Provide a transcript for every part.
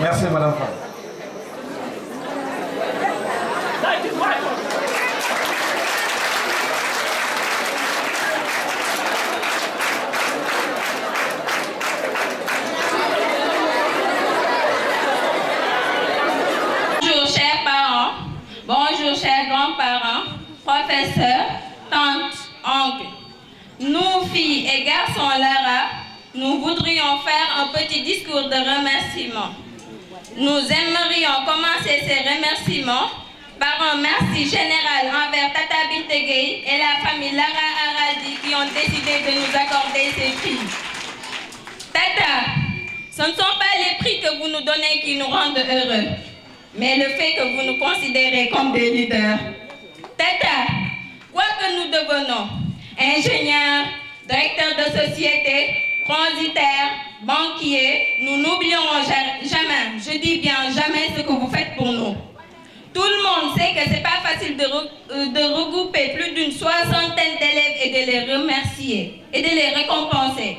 merci madame Fall. Bonjour chers parents, bonjour chers grands-parents, professeurs, tantes, oncles. Nous, filles et garçons Lara, nous voudrions faire un petit discours de remerciement. Nous aimerions commencer ces remerciements par un merci général envers Tata Bintegei et la famille Lara Araldi qui ont décidé de nous accorder ces prix. Tata, ce ne sont pas les prix que vous nous donnez qui nous rendent heureux, mais le fait que vous nous considérez comme des leaders. Tata, quoi que nous devenons, ingénieurs, directeurs de société, transitaires, banquiers, nous n'oublierons jamais, je dis bien jamais, ce que vous faites pour nous. Tout le monde sait que ce n'est pas facile euh, de, regrouper plus d'une soixantaine d'élèves et de les récompenser.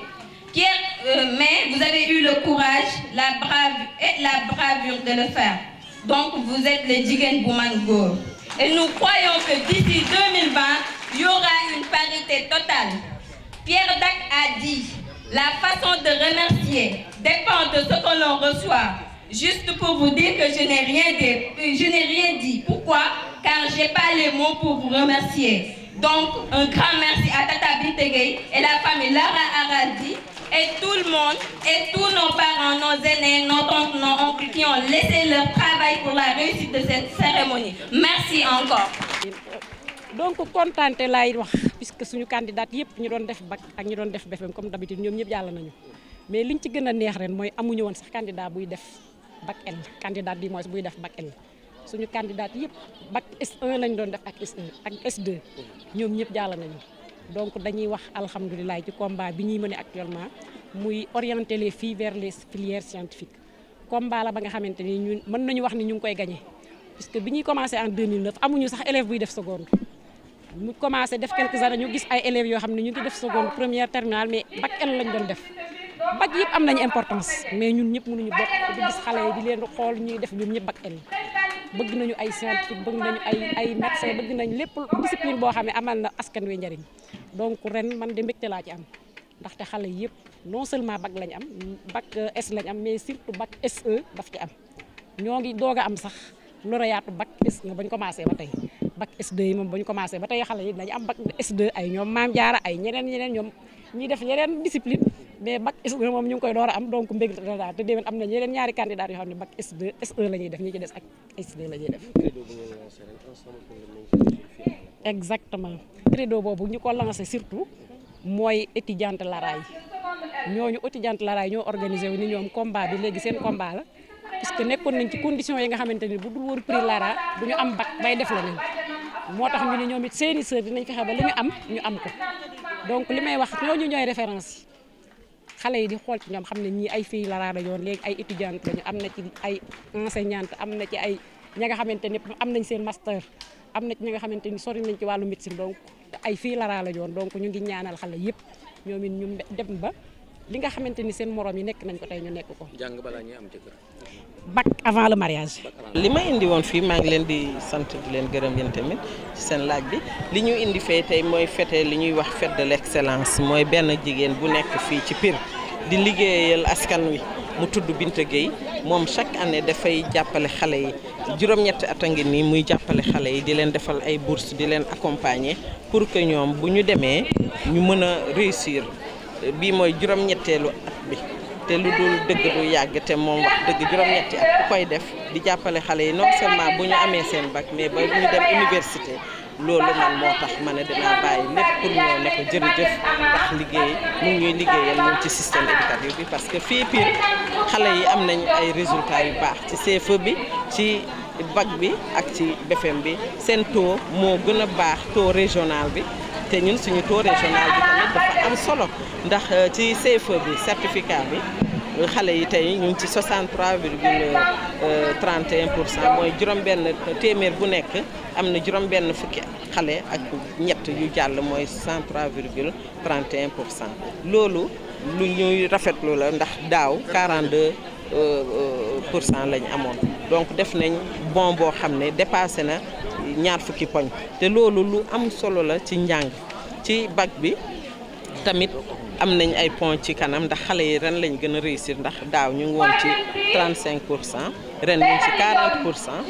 Pierre, euh, mais vous avez eu le courage la brave, et la bravure de le faire. Donc vous êtes les Jigen Boumango. Et nous croyons que d'ici il y aura une parité totale. Pierre Dac a dit La façon de remercier dépend de ce que l'on reçoit. Juste pour vous dire que euh, je n'ai rien dit. Pourquoi? Car j'ai pas les mots pour vous remercier. Donc, un grand merci à Tata Bintegay et la famille Lara Aradi et tout le monde et tous nos parents, nos aînés, nos tantes, nos qui ont laissé leur travail pour la réussite de cette cérémonie. Merci encore. donc kontante laay que suñu candidat yëpp ñu doon def bac ak ñu doon def BFEM comme d'habitude ñoom ñëpp jàll nañu mais liñ ci gën a neex ren mooy amuñu woon sax candidat buy def bac L candidat bi mooy buy def bac suñu candidat yëpp bac S1 lañ doon def ak S1 ak S2 ñoom ñëpp jàll nañu donc dañuy wax alhamdulilah ci combat bi ñuy mëne actuellement muy orienter les filles vers les filières scientifiques combat la ba nga xamante ni ñu mën nañu wax ni ñu ngi koy gagné puisque bi ñuy commencé en amuñu sax élève buy def seconde mu commencé def quelques années ñu gis ay élèves yoo xam ne ñu ngi def seconde première terminale mais bac L lañ doon def bac yëpp am nañu importance mais ñun ñëpp mënuñu bokk di gis xale yi di leen xool ñuy def ñun ñëpp bac L bëgg nañu ay scientifique bëgg nañu ay ay médecin bëgg nañ lépp discipline boo xam ne amal na askan wi njariñ donc ren man de mbégte laa ci am ndaxte xale yëpp non seulement bac lañ am bac S lañ am mais surtout bac SE daf ci am ñoo ngi doog a am sax lauréatu bac S nga e bañ commencé ba tey bac s yi moom ba ñu commencé ba tey xale yi dañu am bac s ay ñoom maam jaara ay ñeneen ñeneen ñoom ñuy def yeneen discipline mais bac S2 moom ñu ngi door a am donc mbég la daal te ñaari candidat yoo xam ne bac S2 S1 def ñi ci des ak S2 la ñuy def. exactement credo boobu ñu ko lancé surtout mooy étudiante laraay ñooñu étudiante laraay ñoo organisé wu ni ñoom combat bi léegi seen combat la. parce que nekkoon nañ ci condition yi nga xamante ni bu dul wóor prix Lara du ñu am bac bay def la nañ moo tax ñu ne ñoom it seeni sœur dinañ fexe ba li ñu am ñu am ko donc li may wax ñu ñooy référence yi xale yi di xool ci ñoom xam ne ñii ay fii la raada yoon ay étudiante lañu am na ci ay enseignante am na ci ay ña nga xamante ni am nañ seen master am na ci ñi nga xamante ni sori nañ ci wàllu médecine donc ay filles la raada donc ñu ngi ñaanal xale yëpp ñoom it ñu dem ba li nga xamante ni seen moroom yi nekk nañ ko tey ñu nekk ko. jàng balaa ñuy am jëkkër. bac avant le mariage. li ma indi woon fii maa ngi leen di sant di leen gërëm yéen tamit ci seen laaj bi li ñu indi fee tey mooy fête li ñuy wax fête de mooy benn jigéen bu nekk fii ci Pire di liggéeyal askan wi. mu tudd Binta Gueye moom chaque année dafay jàppale xale yi juróom-ñetti at a ngi nii muy jàppale xale yi di leen defal ay bourse di leen accompagner pour que ñoom bu ñu demee ñu mën a réussir bii mooy juróom-ñetteelu at bi te lu dul dëgg du yàgg te moom dëgg juróom-ñetti at ku koy def di jàppale xale yi non seulement bu ñu amee seen bac mais ba ñu dem université loolu man moo tax ma ne dinaa bàyyi lépp pour ñoo ne ko jërëjëf ndax liggéey mu ñuy liggéeyal ñun ci système éducatif bi parce que fii Pire xale yi am nañu ay résultats yu baax ci CFE bi ci bac bi ak ci BFEM bi seen taux moo gën a baax taux régional bi te ñun suñu taux régional ndax euh, ci CFE bi certificat bi xale yi tey ñu ngi ci 63 virgule 31 euh, pour cent mooy juróom-benn téeméer bu nekk am na juróom-benn fukki xale ak ñett yu jàll mooy 103 virgule 31 pour cent loolu lu ñuy rafetlu la ndax daaw 42 euh, pour cent lañ amoon donc def nañ bon boo xam ne dépassé na ñaar fukki poñ te loolu lu am solo la ci njàng ci bac bi. tamit am nañ ay points ci kanam ndax xale yi ren lañ gën a réussir ndax daaw ñu ngi woon ci 35 pour cent ren ñu ngi ci pour cent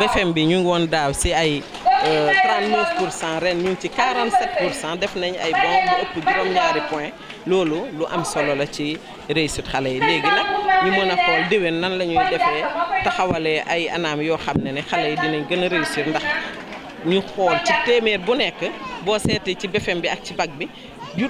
BFEM bi ñu woon daaw si ay 39 euh, pour cent ren ñu ci 47 cent def nañ ay bon bu ëpp juróom-ñaari point loolu lu am solo la ci réussite xale yi léegi nag ñu mën a xool déwén nan la ñuy defee taxawalee ay anam yoo xam ne ne xale yi dinañ gën a réussir ndax ñu xool ci téeméer bu nekk boo seetee ci BFEM bi ak ci bac bi ju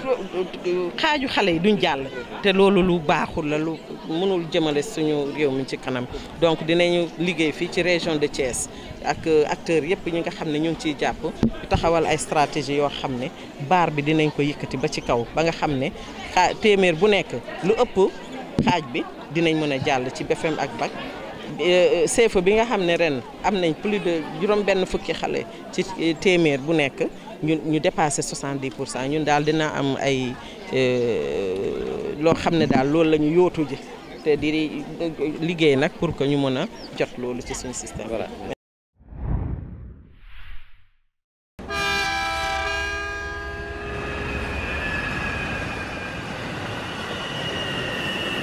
xaaju xale yi duñ jàll te loolu lu baaxul la lu mënul jëmale suñu réew mi ci kanam donc dinañu liggéey fii ci région de Thiès ak acteurs yëpp ñi nga xam ne ñu ngi ciy jàpp taxawal ay stratégie yoo xam ne baar bi dinañ ko yëkkati ba ci kaw ba nga xam ne xaa téeméer bu nekk lu ëpp xaaj bi dinañ mën a jàll ci BFEM ak bac CFEE euh, bi nga xam ne ren am nañ plus de juróom benn fukki xale ci euh, téeméer bu nekk ñu ñu dépassé di pour cent ñun daal dina am ay euh, loo xam ne daal loolu la ñu yootu ji te di liggéey nag pour que ñu mën a jot loolu ci suñu système.